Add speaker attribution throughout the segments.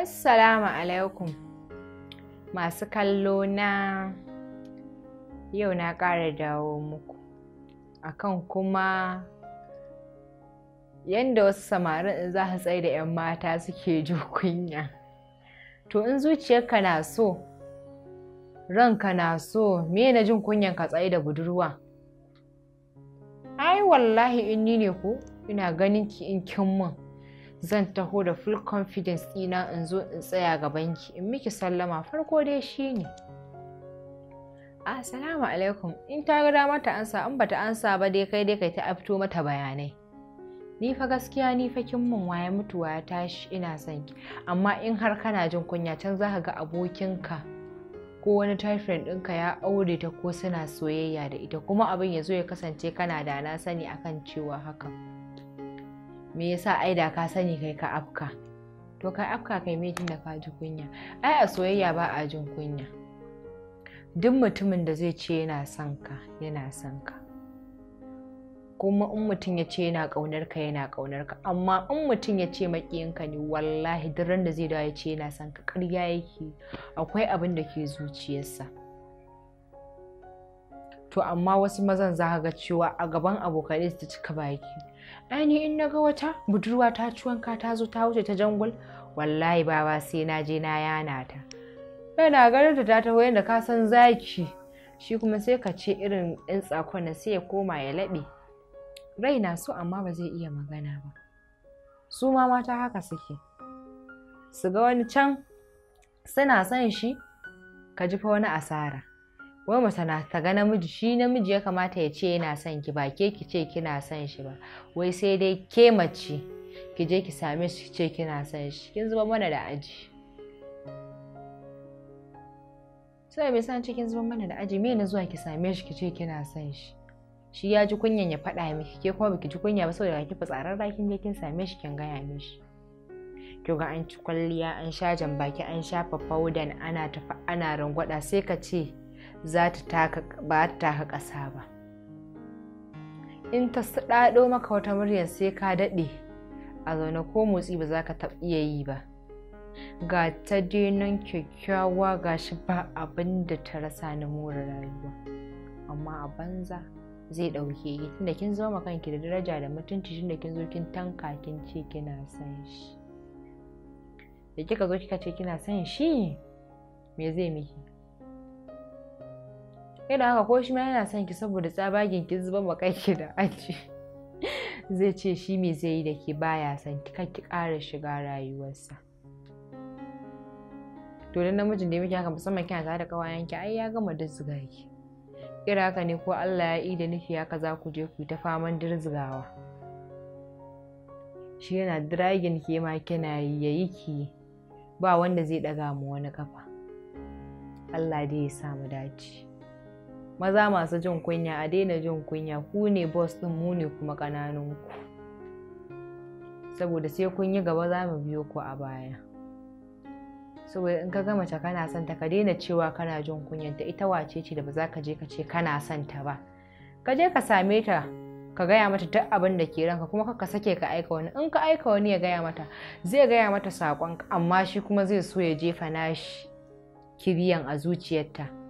Speaker 1: Assalamu alaikum masu kallo na yau na ƙara dawo muku akan kuma yadda wasu samarin za su tsaye da 'yan mata suke ji kunya. To in zuciyarka na so, ranka na so, me na jin kunyan ka tsaye da budurwa? Ai wallahi in ne ku ina ganin ki in kin mun. zan taho da full confidence ɗina in zo in tsaya ga banki. in miki sallama farko dai shine assalamu alaikum in ta dama ta ansa in bata ansa ba dai kai dai kai ta afto mata bayanai ni fa gaskiya ni fa kin mun waye mutuwa ya tashi ina son ki amma in har kana jin kunya can zaka ga abokinka ko wani typhoid ɗinka ya aure ta ko suna soyayya da ita kuma abin ya zo ya kasance kana da na sani akan cewa haka me yasa ai da ka sani kai ka afka to ka afka kai me tun da ka ji kunya ai a soyayya ba a jin kunya duk mutumin da zai ce yana son ka yana son ka kuma in mutum ya ce yana ƙaunar ka yana ƙaunar ka amma in mutum ya ce makiyin ka ne wallahi duk da zai dawo ya ce yana son ka ƙarya yake akwai abin da ke zuciyarsa to amma wasu mazan za ga cewa a gaban abokanai su cika baki ainihin in na ga wata budurwa ta ci wanka ta zo ta wuce ta jangul wallahi baba sai na je na yana ta yana ganin da ta taho yanda ka san zaki shi kuma sai ka ce irin ɗan tsakon na sai ya koma ya laɓe rai na so amma ba zai iya magana ba su ma mata haka suke su ga wani can suna son shi ka ji fa wani asara wai mace na ta ga namiji shi namiji ya kamata ya ce yana son ki ba ke ki ce kina son shi ba wai sai dai ke mace ki je ki same shi ki ce kina son shi kin zuba mana da aji sai bai san cikin zuba mana da aji me na zuwa ki same shi ki ce kina son shi shi ya ji kunyan ya faɗa miki ke kuma baki ji kunya ba saboda ki da kin je kin same shi kin gaya mishi kin ga an ci kwalliya an sha jambaki an shafa faudan ana tafi ana rangwada sai ka ce za ta taka ba ƙasa ba in ta saɗaɗo maka wata murya sai ka daɗe a zaune ko motsi ba za ka iya yi ba ga ta nan kyakkyawa ga shi ba abin da ta rasa na more rayuwa amma a banza zai ɗauke Tun tunda kin zama kanki da daraja da mutunci tunda kin zo kin tanka kin ce kina son shi da kika zo kika ce kina son shi me zai miki kai da haka ko shi ma yana son ki saboda tsabagen ki zuba ma kanki da aji zai ce shi me zai yi da ke baya son ki kan ki ƙara shiga rayuwarsa to dan namijin da muke haka musamman kina tare da kawayen ki ai ya gama dizziga ki kira haka ne ko Allah ya yi da nufi haka za ku je ku ta faman dirzigawa shi yana dragin ke ma kina yayi ki ba wanda zai daga mu wani kafa Allah dai ya samu dace maza masu jin kunya a daina jin kunya ku ne boss din mu ne kuma kananan ku saboda sai kun yi gaba za mu biyo ku a baya saboda in ka ga mace kana son ta ka daina cewa kana jin kunyanta ita wace ce da ba za ka je ka ce kana son ta ba ka je ka same ta ka gaya mata duk abin da ke ranka kuma ka sake ka aika wani in ka aika wani ya gaya mata zai gaya mata saƙon amma shi kuma zai so ya jefa nashi kibiyan a zuciyarta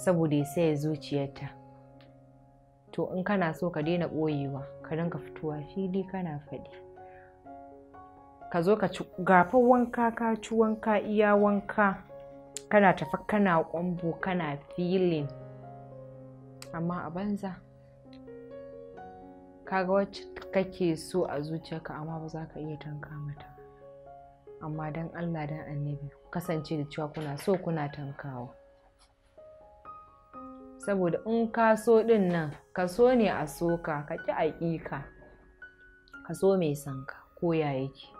Speaker 1: saboda ya saya zuciyarta to in kana so ka daina ɓoyewa ka rinka fitowa fili kana faɗi ka zo ka ci gafa wanka ka ci wanka iya wanka kana tafa kana kwambo kana filin amma a banza kaga wacce kake so a zuciyarka amma ba za ka iya tanka mata amma don allah don annabi kasance da cewa kuna so kuna tankawa saboda in ka so ɗin nan ka so ne a soka ka ƙi aƙiƙa kaso ka so mai sanka ko ya yake